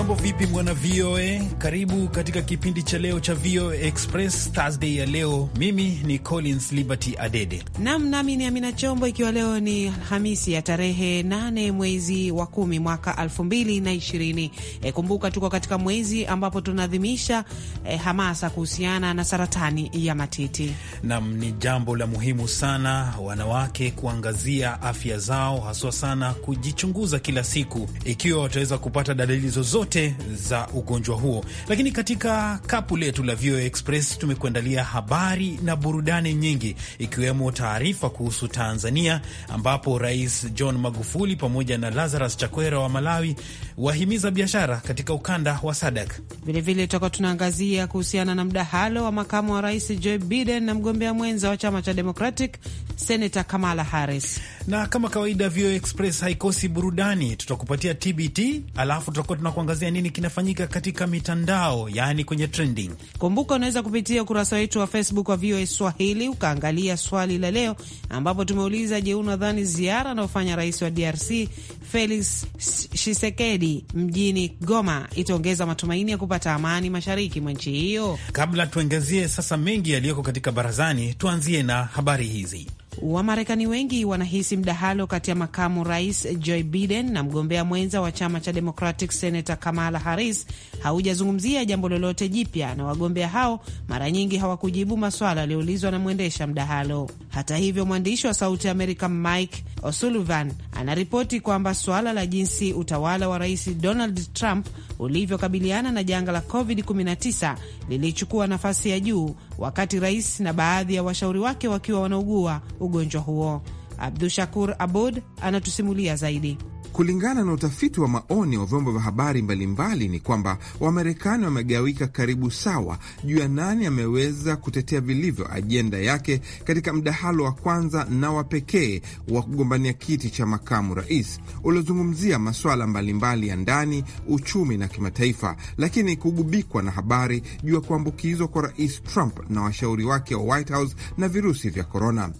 Mambo vipi mwana VOA, karibu katika kipindi cha leo cha VOA Express Thursday ya leo. Mimi ni Collins Liberty Adede nam nami ni Amina Chombo, ikiwa leo ni Hamisi ya tarehe 8 mwezi wa kumi mwaka 2020. E, kumbuka tuko katika mwezi ambapo tunaadhimisha e, hamasa kuhusiana na saratani ya matiti. Nam ni jambo la muhimu sana wanawake kuangazia afya zao, haswa sana kujichunguza kila siku, ikiwa wataweza kupata dalili zozote zote za ugonjwa huo. Lakini katika kapu letu la VOA Express tumekuandalia habari na burudani nyingi, ikiwemo taarifa kuhusu Tanzania ambapo Rais John Magufuli pamoja na Lazarus Chakwera wa Malawi wahimiza biashara katika ukanda wa SADAK. Vilevile tutakuwa tunaangazia kuhusiana na mdahalo wa makamu wa rais Joe Biden na mgombea mwenza wa chama cha Democratic Senata Kamala Harris. Na kama kawaida, VOA Express haikosi burudani, tutakupatia TBT alafu tutakuwa tunakuangazia kuangazia nini kinafanyika katika mitandao, yaani kwenye trending. Kumbuka unaweza kupitia ukurasa wetu wa Facebook wa VOA Swahili ukaangalia swali la leo, ambapo tumeuliza, je, unadhani ziara anayofanya rais wa DRC Felix Tshisekedi mjini Goma itaongeza matumaini ya kupata amani mashariki mwa nchi hiyo? Kabla tuengezie sasa mengi yaliyoko katika barazani, tuanzie na habari hizi. Wamarekani wengi wanahisi mdahalo kati ya makamu rais Joe Biden na mgombea mwenza wa chama cha Democratic Senator Kamala Harris haujazungumzia jambo lolote jipya, na wagombea hao mara nyingi hawakujibu maswala yaliyoulizwa na mwendesha mdahalo. Hata hivyo, mwandishi wa Sauti ya Amerika Mike O'Sullivan anaripoti kwamba swala la jinsi utawala wa rais Donald Trump ulivyokabiliana na janga la COVID-19 lilichukua nafasi ya juu, wakati rais na baadhi ya washauri wake wakiwa wanaugua ugonjwa huo. Abdu Shakur Abud anatusimulia zaidi. Kulingana na utafiti wa maoni wa vyombo vya habari mbalimbali ni kwamba Wamarekani wamegawika karibu sawa juu ya nani ameweza kutetea vilivyo ajenda yake katika mdahalo wa kwanza na wa pekee wa kugombania kiti cha makamu rais uliozungumzia masuala mbalimbali ya ndani, uchumi na kimataifa, lakini kugubikwa na habari juu ya kuambukizwa kwa rais Trump na washauri wake wa White House na virusi vya korona.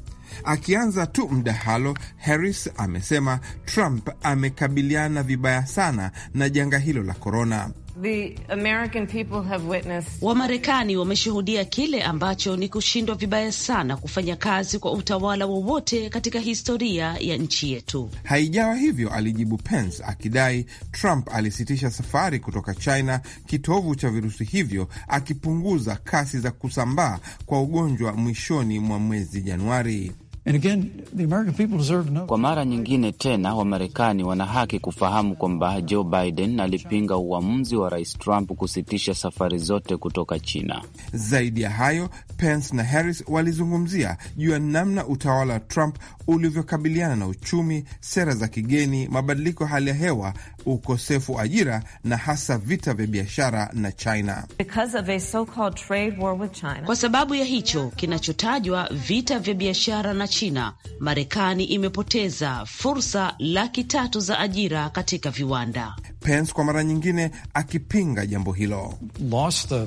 Akianza tu mdahalo, Harris amesema Trump amekabiliana vibaya sana na janga hilo la korona. Wamarekani wameshuhudia kile ambacho ni kushindwa vibaya sana kufanya kazi kwa utawala wowote katika historia ya nchi yetu. Haijawa hivyo, alijibu Pence akidai Trump alisitisha safari kutoka China, kitovu cha virusi hivyo, akipunguza kasi za kusambaa kwa ugonjwa mwishoni mwa mwezi Januari. Again, the American people deserve to know. Kwa mara nyingine tena Wamarekani wana haki kufahamu kwamba Joe Biden alipinga uamuzi wa Rais Trump kusitisha safari zote kutoka China. Zaidi ya hayo, Pence na Harris walizungumzia juu ya namna utawala wa Trump ulivyokabiliana na uchumi, sera za kigeni, mabadiliko ya hali ya hewa, ukosefu wa ajira na hasa vita vya biashara na China. Because of a so-called trade war with China. Kwa sababu ya hicho kinachotajwa vita vya biashara na China, Marekani imepoteza fursa laki tatu za ajira katika viwanda. Pence kwa mara nyingine akipinga jambo hilo. Lost the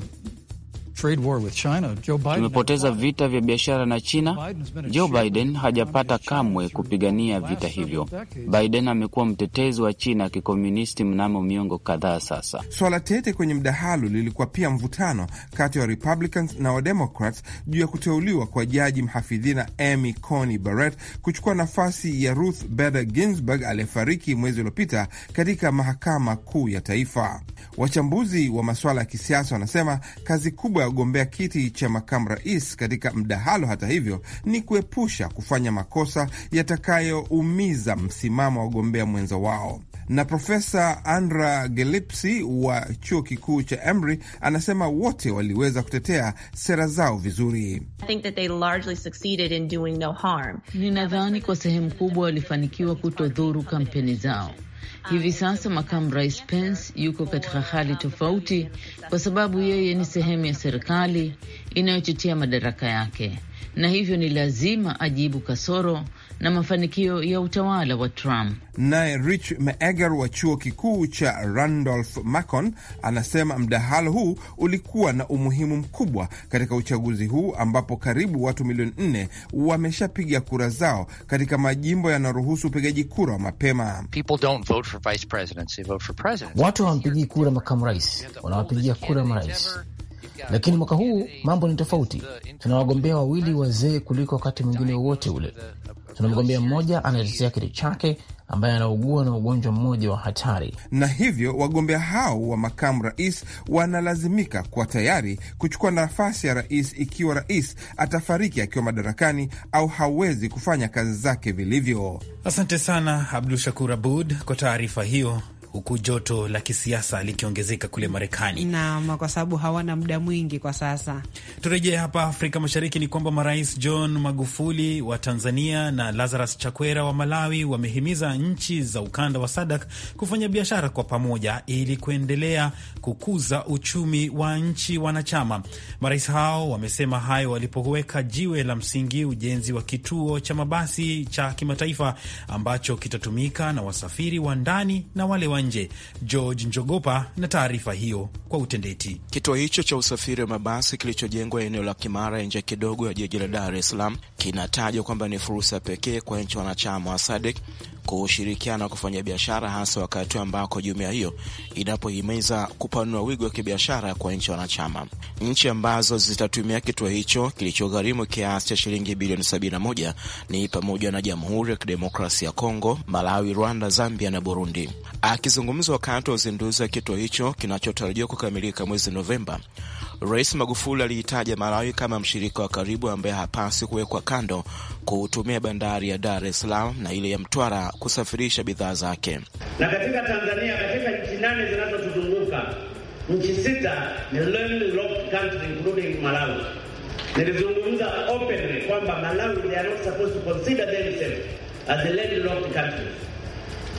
Tumepoteza vita vya biashara na China. Joe Biden hajapata kamwe kupigania vita hivyo. Biden amekuwa mtetezi wa China kikomunisti mnamo miongo kadhaa sasa. Swala tete kwenye mdahalo lilikuwa pia mvutano kati ya wa Republicans na Wademocrats juu ya kuteuliwa kwa jaji mhafidhina Amy Coney Barrett kuchukua nafasi ya Ruth Bader Ginsburg aliyefariki mwezi uliopita katika mahakama kuu ya taifa. Wachambuzi wa masuala ya kisiasa wanasema kazi kubwa ya kugombea kiti cha makamu rais katika mdahalo, hata hivyo, ni kuepusha kufanya makosa yatakayoumiza msimamo wa gombea mwenza wao. Na Profesa Andra Gelipsi wa chuo kikuu cha Emory anasema wote waliweza kutetea sera zao vizuri. ninadhani kwa sehemu kubwa walifanikiwa kutodhuru kampeni zao Hivi sasa makamu rais Pence yuko katika hali tofauti, kwa sababu yeye ni sehemu ya serikali inayotetea madaraka yake, na hivyo ni lazima ajibu kasoro na mafanikio ya utawala wa Trump. Naye Rich Meager wa chuo kikuu cha Randolph Macon anasema mdahalo huu ulikuwa na umuhimu mkubwa katika uchaguzi huu ambapo karibu watu milioni nne wameshapiga kura zao katika majimbo yanaruhusu upigaji kura wa mapema. Watu hawampigii kura makamu rais, wanawapigia kura marais lakini mwaka huu mambo ni tofauti. Tuna wagombea wawili wazee kuliko wakati mwingine wowote ule. Tuna mgombea mmoja anatetea kiti chake ambaye anaugua na ugonjwa mmoja wa hatari, na hivyo wagombea hao wa makamu rais wanalazimika kuwa tayari kuchukua nafasi ya rais ikiwa rais atafariki akiwa madarakani au hawezi kufanya kazi zake vilivyo. Asante sana Abdul Shakur Abud kwa taarifa hiyo huku joto la kisiasa likiongezeka kule Marekani. Naam, kwa sababu hawana muda mwingi kwa sasa. Turejee hapa Afrika Mashariki, ni kwamba marais John Magufuli wa Tanzania na Lazarus Chakwera wa Malawi wamehimiza nchi za ukanda wa sadak kufanya biashara kwa pamoja ili kuendelea kukuza uchumi wa nchi wanachama. Marais hao wamesema hayo walipoweka jiwe la msingi ujenzi wa kituo cha mabasi cha kimataifa ambacho kitatumika na wasafiri wa ndani na wale wa nje. George Njogopa na taarifa hiyo kwa utendeti. Kituo hicho cha usafiri wa mabasi kilichojengwa eneo la Kimara nje kidogo ya jiji la Dar es Salaam kinatajwa kwamba ni fursa pekee kwa nchi wanachama wa SADC kushirikiana kufanya biashara, hasa wakati ambako jumuiya hiyo inapohimiza kupanua wigo wa kibiashara kwa nchi wanachama. Nchi ambazo zitatumia kituo hicho kilichogharimu kiasi cha shilingi bilioni 71 ni pamoja na Jamhuri ya Kidemokrasia ya Kongo, Malawi, Rwanda, Zambia na Burundi. Aki Akizungumza wakati wa uzinduzi wa kituo hicho kinachotarajiwa kukamilika mwezi Novemba, Rais Magufuli aliitaja Malawi kama mshirika wa karibu ambaye hapasi kuwekwa kando kuutumia bandari ya Dar es Salaam na ile ya Mtwara kusafirisha bidhaa zake. Na katika Tanzania, katika nchi nane zinazotuzunguka nchi sita ni landlocked country including Malawi. Nilizungumza openly kwamba Malawi they are not supposed to consider themselves as a landlocked country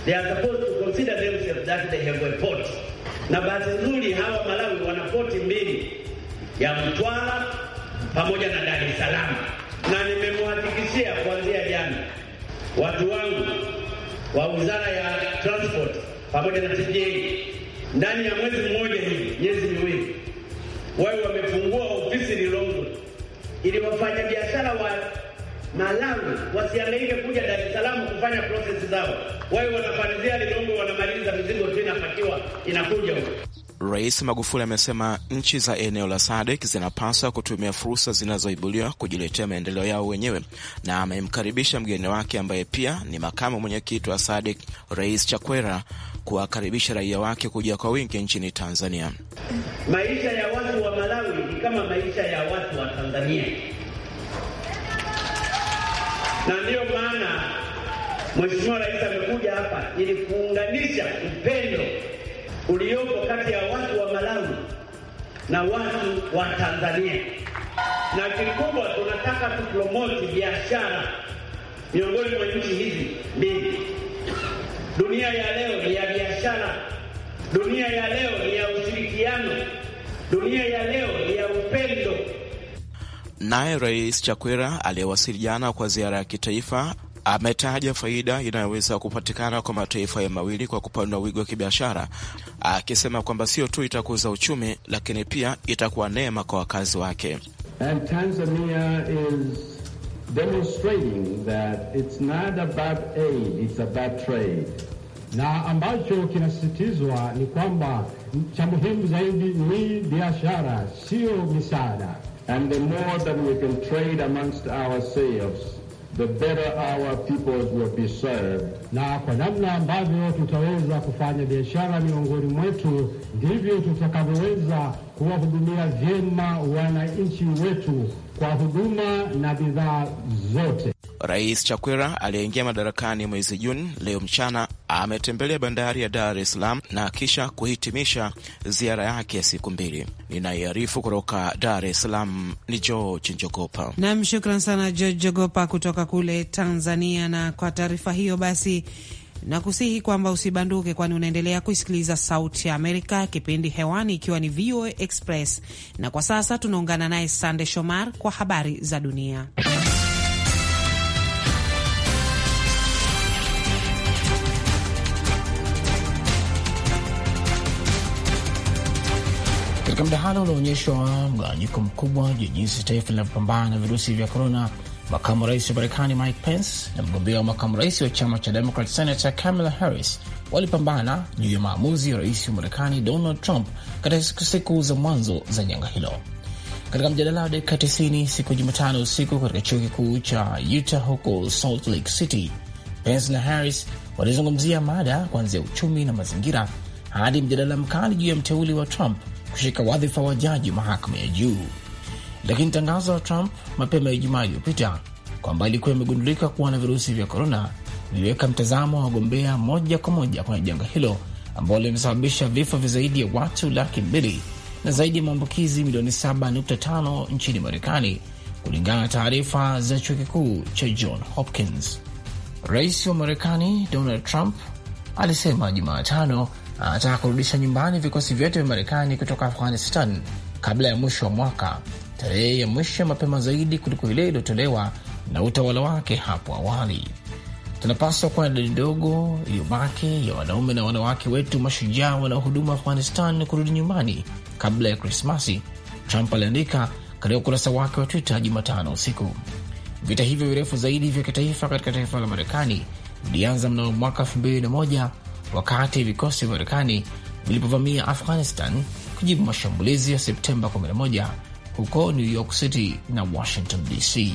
They are supposed to consider themselves that they have a port. Na bahati nzuri hawa Malawi wana poti mbili ya Mtwara pamoja na Dar es Salaam, na nimemhakikishia kuanzia jana watu wangu wa Wizara ya Transport pamoja na TJ ndani ya mwezi mmoja hivi, miezi miwili, wao wamefungua ofisi Lilongwe ili wafanya biashara wa Malawi wasiangaike kuja Dar es Salaam kufanya prosesi zao, wawe wanafanizia Ligongo, wanamaliza mizigo tu inapakiwa inakuja huko. Rais Magufuli amesema nchi za eneo la SADC zinapaswa kutumia fursa zinazoibuliwa kujiletea maendeleo yao wenyewe, na amemkaribisha mgeni wake ambaye pia ni makamu mwenyekiti wa SADC, Rais Chakwera, kuwakaribisha raia wake kuja kwa wingi nchini Tanzania. Maisha ya watu wa Malawi ni kama maisha ya watu wa Tanzania na ndiyo maana Mheshimiwa Rais amekuja hapa ili kuunganisha upendo uliopo kati ya watu wa Malawi na watu wa Tanzania, na kikubwa tunataka tupromoti biashara miongoni mwa nchi hizi mbili. Dunia ya leo ni ya biashara, dunia ya leo ni ya ushirikiano, dunia ya leo ni ya upendo. Naye Rais Chakwera aliyewasili jana kwa ziara ya kitaifa ametaja faida inayoweza kupatikana kwa mataifa ya mawili kwa kupanua wigo wa kibiashara, akisema kwamba sio tu itakuza uchumi, lakini pia itakuwa neema kwa wakazi wake. And Tanzania is demonstrating that it's not about aid, it's about trade. Na ambacho kinasisitizwa ni kwamba cha muhimu zaidi ni biashara, sio misaada. And the more that we can trade amongst ourselves, the better our peoples will be served. Na kwa namna ambavyo tutaweza kufanya biashara miongoni mwetu ndivyo tutakavyoweza kuwahudumia vyema wananchi wetu kwa huduma na bidhaa zote. Rais Chakwera aliyeingia madarakani mwezi Juni leo mchana ametembelea bandari ya Dar es Salaam na kisha kuhitimisha ziara yake ya siku mbili. Ninaiarifu kutoka Dar es Salaam ni George Njogopa. Nam, shukran sana George Njogopa kutoka kule Tanzania. Na kwa taarifa hiyo basi nakusihi kwamba usibanduke, kwani unaendelea kuisikiliza Sauti ya Amerika, kipindi hewani ikiwa ni VOA Express, na kwa sasa tunaungana naye Sande Shomar kwa habari za dunia. Katika mdahalo unaonyeshwa mgawanyiko mkubwa juu ya jinsi taifa linavyopambana na virusi vya korona, makamu rais wa Marekani Mike Pence na mgombea wa makamu rais wa chama cha Democrat Senator Kamala Harris walipambana juu ya maamuzi ya rais wa Marekani Donald Trump katika siku za mwanzo za janga hilo. Katika mjadala wa dakika 90 siku ya Jumatano usiku katika chuo kikuu cha Utah huko Salt Lake City, Pence na Harris walizungumzia mada kuanzia uchumi na mazingira hadi mjadala mkali juu ya mteuli wa Trump kushika wadhifa wa jaji mahakama ya juu. Lakini tangazo la Trump mapema ya Ijumaa iliyopita kwamba ilikuwa imegundulika kuwa na virusi vya korona viliweka mtazamo wa wagombea moja kwa moja kwenye janga hilo ambalo limesababisha vifo vya zaidi ya watu laki mbili na zaidi ya maambukizi milioni 7.5 nchini Marekani, kulingana na taarifa za chuo kikuu cha John Hopkins. Rais wa Marekani Donald Trump alisema Jumatano anataka kurudisha nyumbani vikosi vyote vya Marekani kutoka Afghanistan kabla ya mwisho wa mwaka, tarehe ya mwisho ya mapema zaidi kuliko ile iliyotolewa na utawala wake hapo awali. Tunapaswa kuwa na idadi ndogo iliyobaki ya wanaume na wanawake wetu mashujaa wanaohudumu Afghanistan kurudi nyumbani kabla ya Krismasi, Trump aliandika katika ukurasa wake wa Twitter Jumatano usiku. Vita hivyo virefu zaidi vya kitaifa katika taifa la Marekani vilianza mnamo mwaka wakati vikosi vya Marekani vilipovamia Afghanistan kujibu mashambulizi ya Septemba 11 huko New York City na Washington DC.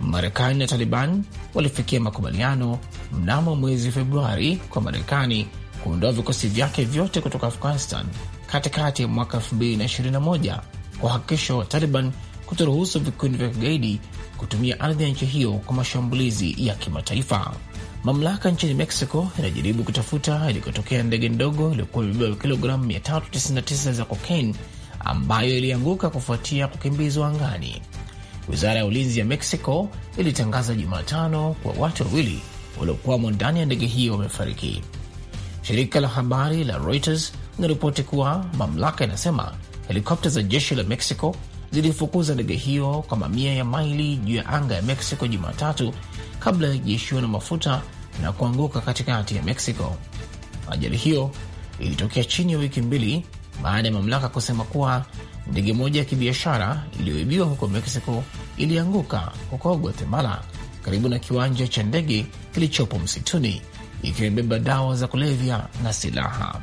Marekani na Taliban walifikia makubaliano mnamo mwezi Februari kwa Marekani kuondoa vikosi vyake vyote kutoka Afghanistan katikati ya mwaka 2021 kwa hakikisho wa Taliban kutoruhusu vikundi vya kigaidi kutumia ardhi ya nchi hiyo kwa mashambulizi ya kimataifa. Mamlaka nchini Mexico inajaribu kutafuta ilikotokea ndege ndogo iliyokuwa imebeba kilogramu 399 za kokaini ambayo ilianguka kufuatia kukimbizwa angani. Wizara ya ulinzi ya Mexico ilitangaza Jumatano kwa watu wawili waliokwamo ndani ya ndege hiyo wamefariki. Shirika la habari la Reuters linaripoti kuwa mamlaka inasema helikopta za jeshi la Mexico zilifukuza ndege hiyo kwa mamia ya maili juu ya anga ya Mexico Jumatatu kabla ya kujiishiwa na mafuta na kuanguka katikati ya Meksiko. Ajali hiyo ilitokea chini ya wiki mbili baada ya mamlaka kusema kuwa ndege moja ya kibiashara iliyoibiwa huko Meksiko ilianguka huko Guatemala, karibu na kiwanja cha ndege kilichopo msituni, ikiwa imebeba dawa za kulevya na silaha.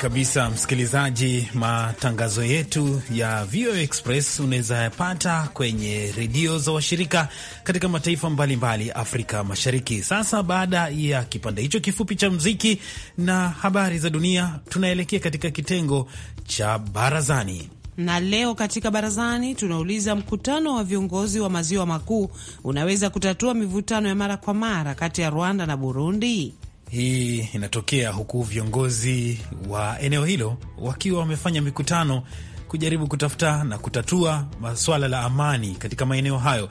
kabisa, msikilizaji. Matangazo yetu ya VOA Express unaweza yapata kwenye redio za washirika katika mataifa mbalimbali mbali Afrika Mashariki. Sasa baada ya kipande hicho kifupi cha mziki na habari za dunia, tunaelekea katika kitengo cha barazani na leo katika barazani tunauliza, mkutano wa viongozi wa maziwa makuu unaweza kutatua mivutano ya mara kwa mara kati ya Rwanda na Burundi? Hii inatokea huku viongozi wa eneo hilo wakiwa wamefanya mikutano kujaribu kutafuta na kutatua masuala la amani katika maeneo hayo.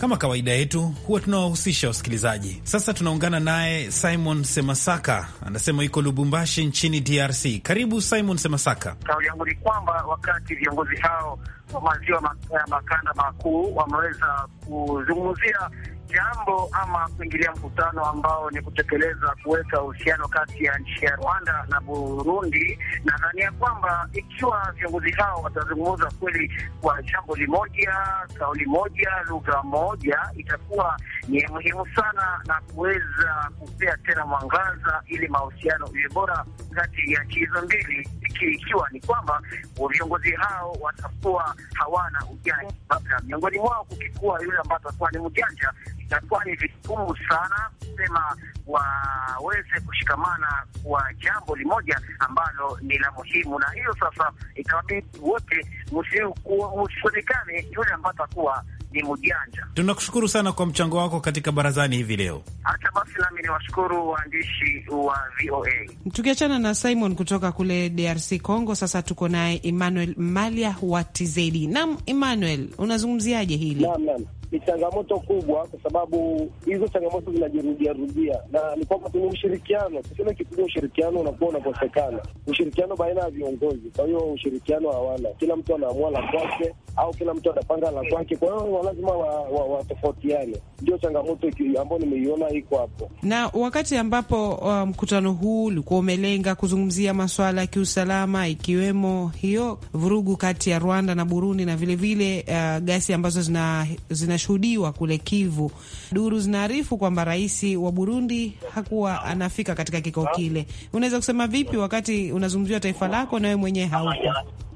Kama kawaida yetu, huwa tunawahusisha wasikilizaji. Sasa tunaungana naye Simon Semasaka, anasema iko Lubumbashi nchini DRC. Karibu Simon Semasaka. Kauli yangu ni kwamba wakati viongozi hao wa maziwa makanda makuu wameweza kuzungumzia jambo ama kuingilia mkutano ambao ni kutekeleza kuweka uhusiano kati ya nchi ya Rwanda na Burundi. Nadhani ya kwamba ikiwa viongozi hao watazungumza kweli kwa jambo limoja, kauli moja, lugha moja, itakuwa ni muhimu sana na kuweza kupea tena mwangaza ili mahusiano iwe bora kati ya nchi hizo mbili, ikiwa ni kwamba viongozi hao watakuwa hawana ujanja, labda miongoni mwao kukikuwa yule ambaye atakuwa ni mjanja inakuwa ni vigumu sana kusema waweze kushikamana kwa jambo limoja ambalo ni la muhimu, na hiyo sasa ikawabidi wote msionekane yule ambayo atakuwa ni mjanja. Tunakushukuru sana kwa mchango wako katika barazani hivi leo. Hata basi nami ni washukuru waandishi wa VOA. Tukiachana na Simon kutoka kule DRC Congo, sasa tuko naye Emmanuel Malia wa Tizedi. Naam, Emmanuel, unazungumziaje hili? Naam, naam ni changamoto kubwa, kwa sababu hizo changamoto zinajirudia rudia, na ni kwamba kwenye ushirikiano. Tuseme kikubwa, ushirikiano unakuwa unakosekana, ushirikiano baina ya viongozi. Kwa hiyo ushirikiano hawana, kila mtu anaamua la kwake, au kila mtu anapanga la kwake. Kwa hiyo lazima watofautiane, wa, wa ndio changamoto ambayo nimeiona iko hapo. Na wakati ambapo uh, mkutano um, huu ulikuwa umelenga kuzungumzia maswala ya kiusalama, ikiwemo hiyo vurugu kati ya Rwanda na Burundi na vilevile vile, uh, gasi ambazo zina, zina zinashuhudiwa kule Kivu. Duru zinaarifu kwamba rais wa Burundi hakuwa anafika katika kikao kile. Unaweza kusema vipi wakati unazungumziwa taifa lako na wewe mwenyewe hauko?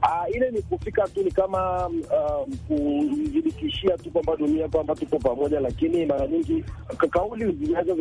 Uh, ile ni kufika tu, ni kama um, kujibikishia tu kwamba dunia kwamba tuko pamoja, lakini mara nyingi kauli zinaweza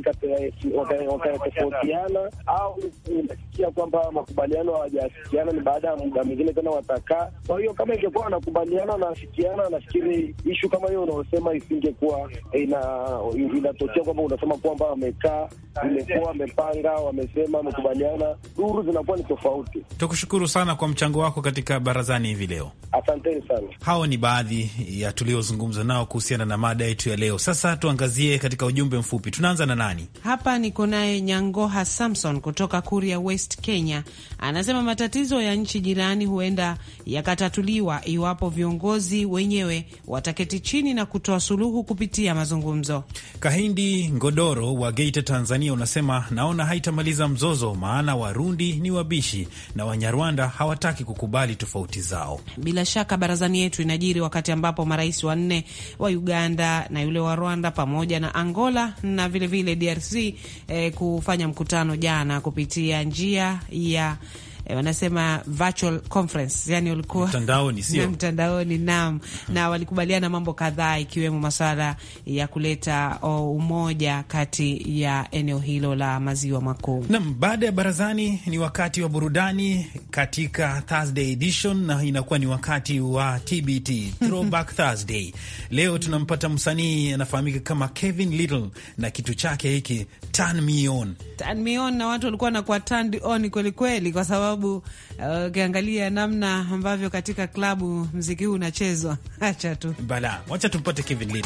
wakatofautiana, au unasikia kwamba makubaliano hawajaafikiana, ni baada ya muda mwingine tena watakaa. Kwa hiyo kama ingekuwa wanakubaliana wanaafikiana, nafikiri ishu kama hiyo unaosema isingekuwa inatokea, kwamba unasema kwamba wamekaa, imekuwa wamepanga, wamesema, wamekubaliana, duru zinakuwa ni tofauti. Tukushukuru sana kwa mchango wako katika barazani hivi leo. Asanteni sana. Hao ni baadhi ya tuliozungumza nao kuhusiana na mada yetu ya leo. Sasa tuangazie katika ujumbe mfupi. Tunaanza na nani hapa? Niko naye Nyangoha Samson kutoka Kuria West, Kenya. Anasema matatizo ya nchi jirani huenda yakatatuliwa iwapo viongozi wenyewe wataketi chini na kutoa suluhu kupitia mazungumzo. Kahindi Ngodoro wa Geita, Tanzania, unasema naona haitamaliza mzozo, maana Warundi ni wabishi na Wanyarwanda hawataki kukubali tofauti tofauti zao. Bila shaka barazani yetu inajiri wakati ambapo marais wanne wa Uganda na yule wa Rwanda pamoja na Angola na vilevile vile DRC eh, kufanya mkutano jana kupitia njia ya e, wanasema virtual conference, yani ulikuwa mtandaoni, sio mtandaoni, naam, na walikubaliana mambo kadhaa, ikiwemo masuala ya kuleta oh, umoja kati ya eneo hilo la maziwa makuu. Naam, baada ya barazani ni wakati wa burudani katika Thursday edition, na inakuwa ni wakati wa TBT Throwback Thursday. Leo tunampata msanii anafahamika kama Kevin Little na kitu chake hiki Turn Me On, Turn Me On, na watu walikuwa wanakuwa turned on kweli kweli kwa sababu sababu eh, ukiangalia uh, namna ambavyo katika klabu mziki huu unachezwa, acha tu bala, wacha tumpate Kevin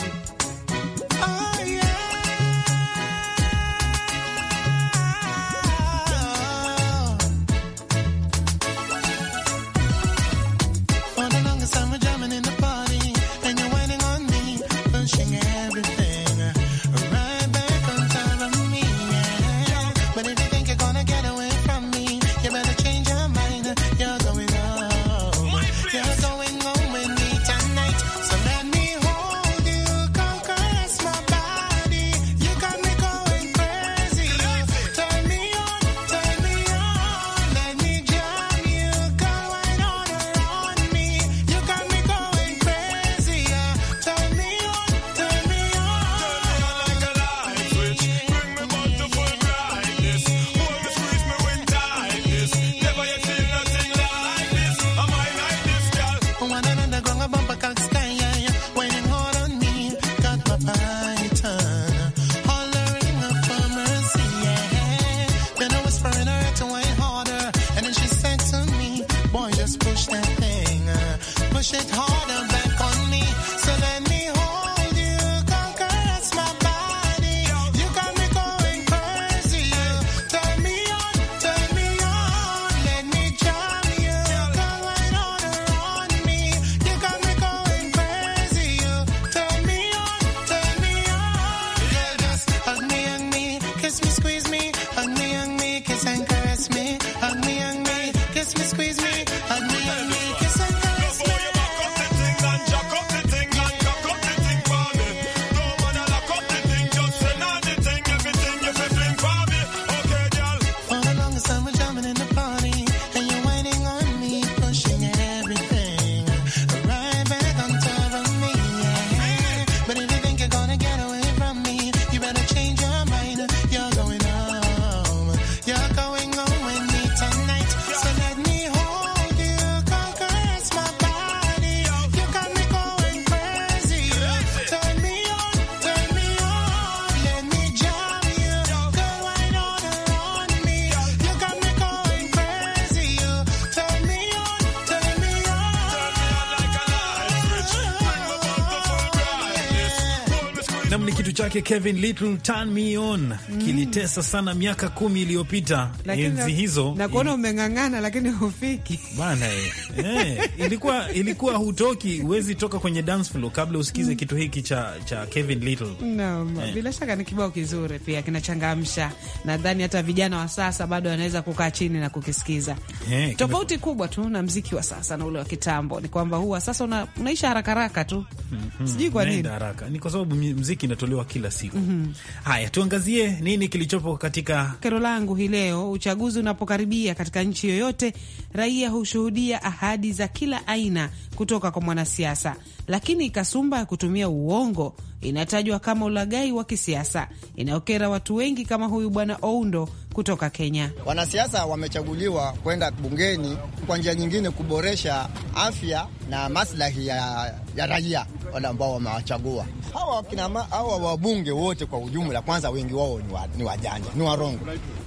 chake Kevin Little Turn Me On mm. kilitesa sana miaka kumi iliyopita, enzi hizo na kuona umeng'ang'ana, lakini hufiki bana eh, eh, ilikuwa ilikuwa hutoki, huwezi toka kwenye dance floor kabla usikize mm. kitu hiki cha cha Kevin Little no, eh. Bila shaka ni kibao kizuri pia kinachangamsha, nadhani hata vijana wa sasa bado wanaweza kukaa chini na kukisikiza eh, tofauti kime... kubwa tu na mziki wa sasa na ule wa kitambo ni kwamba huwa sasa una, unaisha haraka haraka tu mm -hmm. sijui kwa nini haraka, ni kwa sababu mziki inatolewa kila kila siku. Mm -hmm. Haya, tuangazie nini kilichopo katika kero langu hii leo. Uchaguzi unapokaribia katika nchi yoyote, raia hushuhudia ahadi za kila aina kutoka kwa mwanasiasa, lakini kasumba ya kutumia uongo inatajwa kama ulagai wa kisiasa inayokera watu wengi kama huyu Bwana Oundo kutoka Kenya. Wanasiasa wamechaguliwa kwenda bungeni kwa njia nyingine kuboresha afya na maslahi ya, ya raia wale ambao wamewachagua hawa hawa wabunge wote kwa ujumla. Kwanza wengi wao ni, wajanja ni warongo.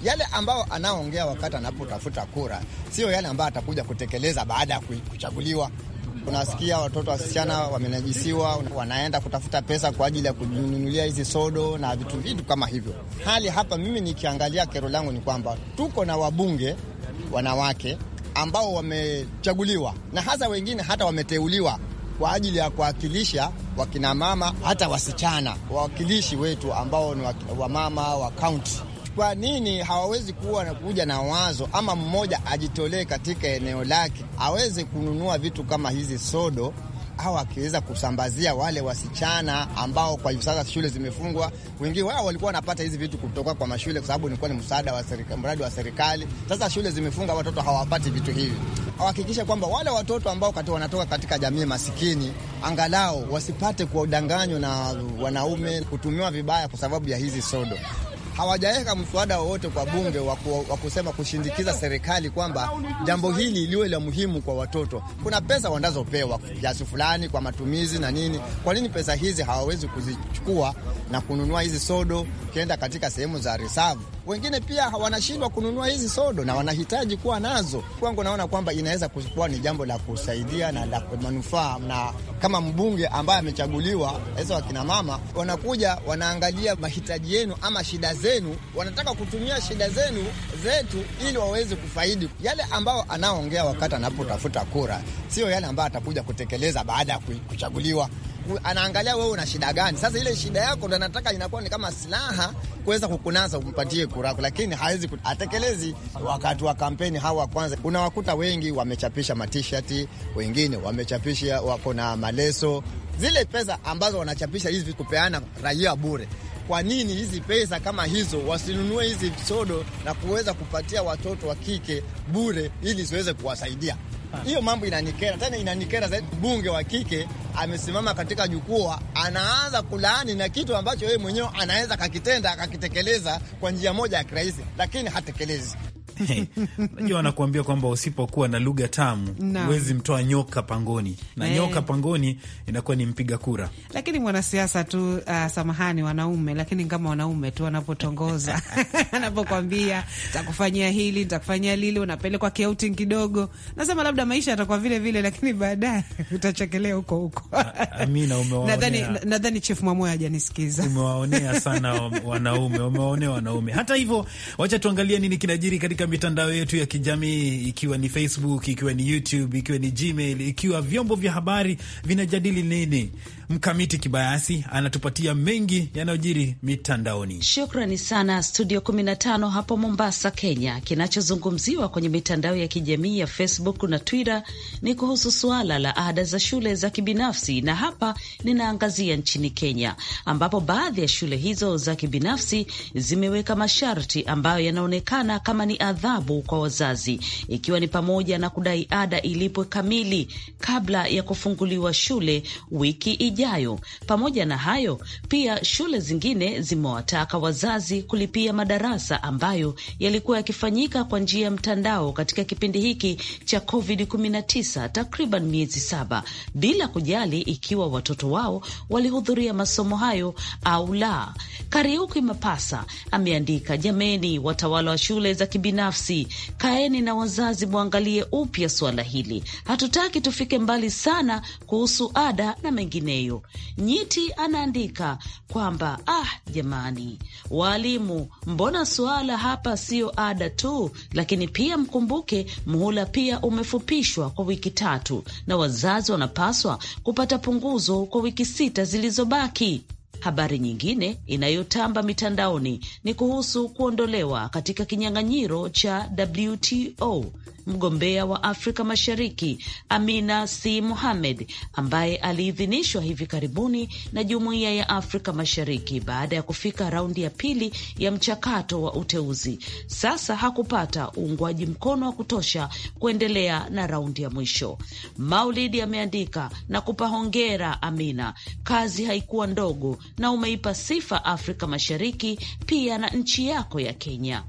Yale ambayo anaongea wakati anapotafuta kura sio yale ambayo atakuja kutekeleza baada ya kuchaguliwa. Unasikia watoto wasichana wamenajisiwa, wanaenda kutafuta pesa kwa ajili ya kujinunulia hizi sodo na vitu vitu kama hivyo. Hali hapa, mimi nikiangalia, kero langu ni kwamba tuko na wabunge wanawake ambao wamechaguliwa na hasa wengine hata wameteuliwa kwa ajili ya kuwakilisha wakinamama hata wasichana, wawakilishi wetu ambao ni wamama wa kaunti kwa nini hawawezi kuwa na kuja na wazo ama mmoja ajitolee katika eneo lake aweze kununua vitu kama hizi sodo au akiweza kusambazia wale wasichana ambao kwa hivi sasa shule zimefungwa. Wengi wao walikuwa wanapata hizi vitu kutoka kwa mashule, kwa sababu ilikuwa ni msaada wa serikali, mradi wa serikali. Sasa shule zimefunga, watoto hawapati vitu hivi. Wahakikishe kwamba wale watoto ambao kati wanatoka katika jamii masikini angalau wasipate udanganywa na wanaume, kutumiwa vibaya kwa sababu ya hizi sodo hawajaweka mswada wowote kwa bunge wa kusema kushindikiza serikali kwamba jambo hili liwe la muhimu kwa watoto. Kuna pesa wanazopewa kiasi fulani kwa matumizi na nini. Kwa nini pesa hizi hawawezi kuzichukua na kununua hizi sodo, ukienda katika sehemu za reserve wengine pia wanashindwa kununua hizi sodo na wanahitaji kuwa nazo. Kwangu naona kwamba inaweza kuwa ni jambo la kusaidia na la manufaa, na kama mbunge ambaye amechaguliwa, sasa wakinamama wanakuja wanaangalia mahitaji yenu ama shida zenu, wanataka kutumia shida zenu zetu ili waweze kufaidi yale ambayo anaoongea wakati anapotafuta kura, sio yale ambayo atakuja kutekeleza baada ya kuchaguliwa anaangalia wewe una shida gani. Sasa ile shida yako ndo anataka inakuwa ni kama silaha kuweza kukunasa umpatie kura, yako, lakini hawezi atekelezi. Wakati wa kampeni hawa kwanza, unawakuta wengi wamechapisha matishati, wengine wamechapisha, wako na maleso. Zile pesa ambazo wanachapisha hizi kupeana raia bure kwa nini hizi pesa kama hizo wasinunue hizi sodo na kuweza kupatia watoto wa kike bure ili ziweze kuwasaidia? Hiyo mambo inanikera, tena inanikera zaidi mbunge wa kike amesimama katika jukwaa, anaanza kulaani na kitu ambacho yeye mwenyewe anaweza kakitenda akakitekeleza kwa njia moja ya kirahisi, lakini hatekelezi. Unajua wanakuambia kwamba usipokuwa na lugha tamu huwezi mtoa nyoka pangoni, na hey, eh. nyoka pangoni inakuwa ni mpiga kura. Lakini mwanasiasa tu, uh, samahani wanaume, lakini kama wanaume tu wanapotongoza, anapokwambia takufanyia hili takufanyia lile, unapelekwa kiauting kidogo, nasema labda maisha yatakuwa vile vile, lakini baadaye utachekelea huko huko. Amina, ah, ah, umewaonea. Nadhani nadhani Chief Mwamoyo hajanisikiza. Umewaonea sana wanaume, umewaonea wanaume. Hata hivyo, wacha tuangalie nini kinajiri katika mitandao yetu ya kijamii ikiwa ni Facebook, ikiwa ni YouTube, ikiwa ni Gmail, ikiwa vyombo vya habari vinajadili nini. Mkamiti Kibayasi anatupatia mengi yanayojiri mitandaoni. Shukrani sana Studio 15 hapo Mombasa, Kenya. Kinachozungumziwa kwenye mitandao ya kijamii ya Facebook na Twitter ni kuhusu suala la ada za shule za kibinafsi, na hapa ninaangazia nchini Kenya, ambapo baadhi ya shule hizo za kibinafsi zimeweka masharti ambayo yanaonekana kama ni adha adhabu kwa wazazi, ikiwa ni pamoja na kudai ada ilipwe kamili kabla ya kufunguliwa shule wiki ijayo. Pamoja na hayo, pia shule zingine zimewataka wazazi kulipia madarasa ambayo yalikuwa yakifanyika kwa njia ya mtandao katika kipindi hiki cha COVID-19 takriban miezi saba, bila kujali ikiwa watoto wao walihudhuria masomo hayo au la. Kariuki Mapasa ameandika, jameni, watawala wa shule za kibinafsi binafsi. Kaeni na wazazi, mwangalie upya suala hili. Hatutaki tufike mbali sana kuhusu ada na mengineyo. Nyiti anaandika kwamba ah, jamani waalimu, mbona suala hapa siyo ada tu, lakini pia mkumbuke muhula pia umefupishwa kwa wiki tatu, na wazazi wanapaswa kupata punguzo kwa wiki sita zilizobaki. Habari nyingine inayotamba mitandaoni ni kuhusu kuondolewa katika kinyang'anyiro cha WTO mgombea wa Afrika Mashariki Amina C Mohamed ambaye aliidhinishwa hivi karibuni na Jumuiya ya Afrika Mashariki baada ya kufika raundi ya pili ya mchakato wa uteuzi, sasa hakupata uungwaji mkono wa kutosha kuendelea na raundi ya mwisho. Maulidi ameandika na kupa hongera Amina, kazi haikuwa ndogo na umeipa sifa Afrika Mashariki pia na nchi yako ya Kenya.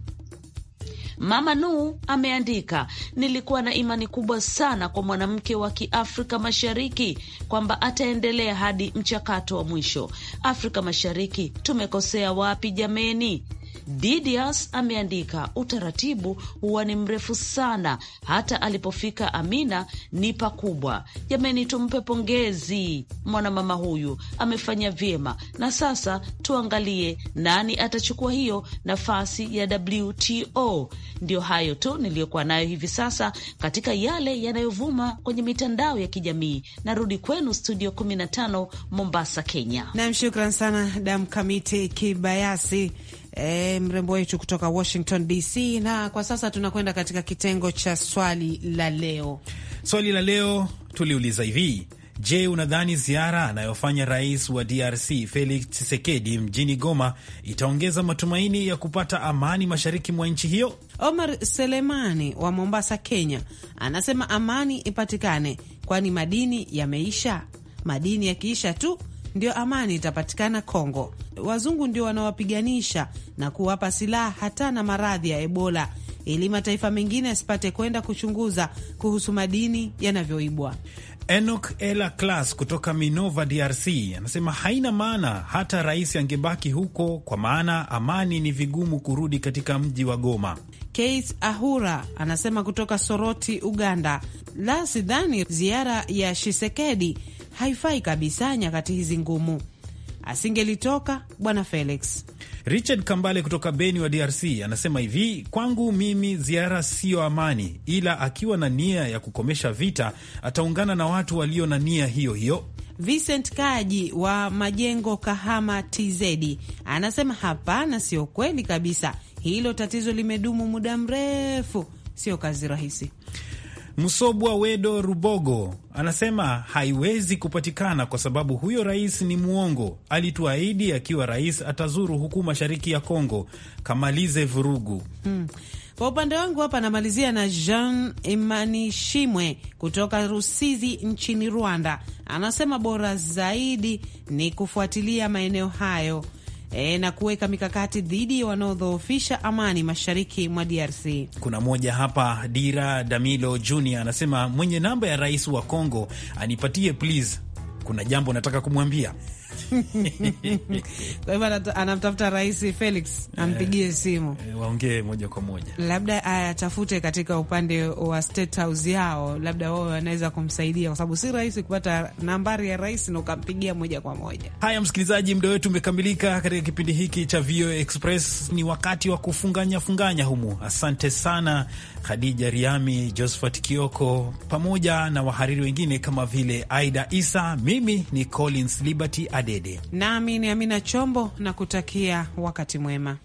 Mama Nu ameandika, nilikuwa na imani kubwa sana kwa mwanamke wa Kiafrika Mashariki kwamba ataendelea hadi mchakato wa mwisho. Afrika Mashariki tumekosea wapi jameni? Didias ameandika utaratibu huwa ni mrefu sana, hata alipofika Amina ni pakubwa. Jamani, tumpe pongezi mwanamama huyu, amefanya vyema, na sasa tuangalie nani atachukua hiyo nafasi ya WTO. Ndiyo hayo tu niliyokuwa nayo hivi sasa katika yale yanayovuma kwenye mitandao ya kijamii. Narudi kwenu studio 15 Mombasa, Kenya. Nam, shukran sana Dam Kibayasi. E, mrembo wetu kutoka Washington DC. Na kwa sasa tunakwenda katika kitengo cha swali la leo. Swali la leo tuliuliza hivi: Je, unadhani ziara anayofanya rais wa DRC Felix Tshisekedi mjini Goma itaongeza matumaini ya kupata amani mashariki mwa nchi hiyo? Omar Selemani wa Mombasa, Kenya, anasema amani ipatikane, kwani madini yameisha. Madini yakiisha tu ndio amani itapatikana Kongo. Wazungu ndio wanawapiganisha na kuwapa silaha hata na maradhi ya Ebola ili mataifa mengine yasipate kwenda kuchunguza kuhusu madini yanavyoibwa. Enok Ela Klas kutoka Minova, DRC, anasema haina maana hata rais angebaki huko, kwa maana amani ni vigumu kurudi katika mji wa Goma. Kate Ahura anasema kutoka Soroti, Uganda, la sidhani ziara ya Shisekedi haifai kabisa nyakati hizi ngumu. Asingelitoka bwana Felix. Richard Kambale kutoka Beni wa DRC anasema hivi: kwangu mimi ziara siyo amani, ila akiwa na nia ya kukomesha vita ataungana na watu walio na nia hiyo hiyo. Vincent Kaji wa Majengo, Kahama, TZ anasema hapana, sio kweli kabisa, hilo tatizo limedumu muda mrefu, sio kazi rahisi. Msobwa Wedo Rubogo anasema haiwezi kupatikana kwa sababu huyo rais ni mwongo. Alituahidi akiwa rais atazuru huku mashariki ya Kongo, kamalize vurugu. Hmm. Kwa upande wangu hapa namalizia na Jean emani Shimwe kutoka Rusizi nchini Rwanda, anasema bora zaidi ni kufuatilia maeneo hayo e, na kuweka mikakati dhidi ya wanaodhoofisha amani mashariki mwa DRC. Kuna moja hapa, Dira Damilo Junior anasema mwenye namba ya rais wa congo anipatie please, kuna jambo nataka kumwambia Kwa hivyo anamtafuta Rais Felix eh, ampigie simu eh, waongee moja kwa moja, labda ayatafute katika upande wa State House yao, labda wao wanaweza kumsaidia, kwa sababu si rahisi kupata nambari ya rais na ukampigia moja kwa moja. Haya, msikilizaji, muda wetu umekamilika katika kipindi hiki cha VOA Express. Ni wakati wa kufunganya funganya humu. Asante sana Khadija Riami, Josephat Kioko pamoja na wahariri wengine kama vile Aida Isa. Mimi ni Collins Liberty Adede. Nami ni Amina Chombo na kutakia wakati mwema.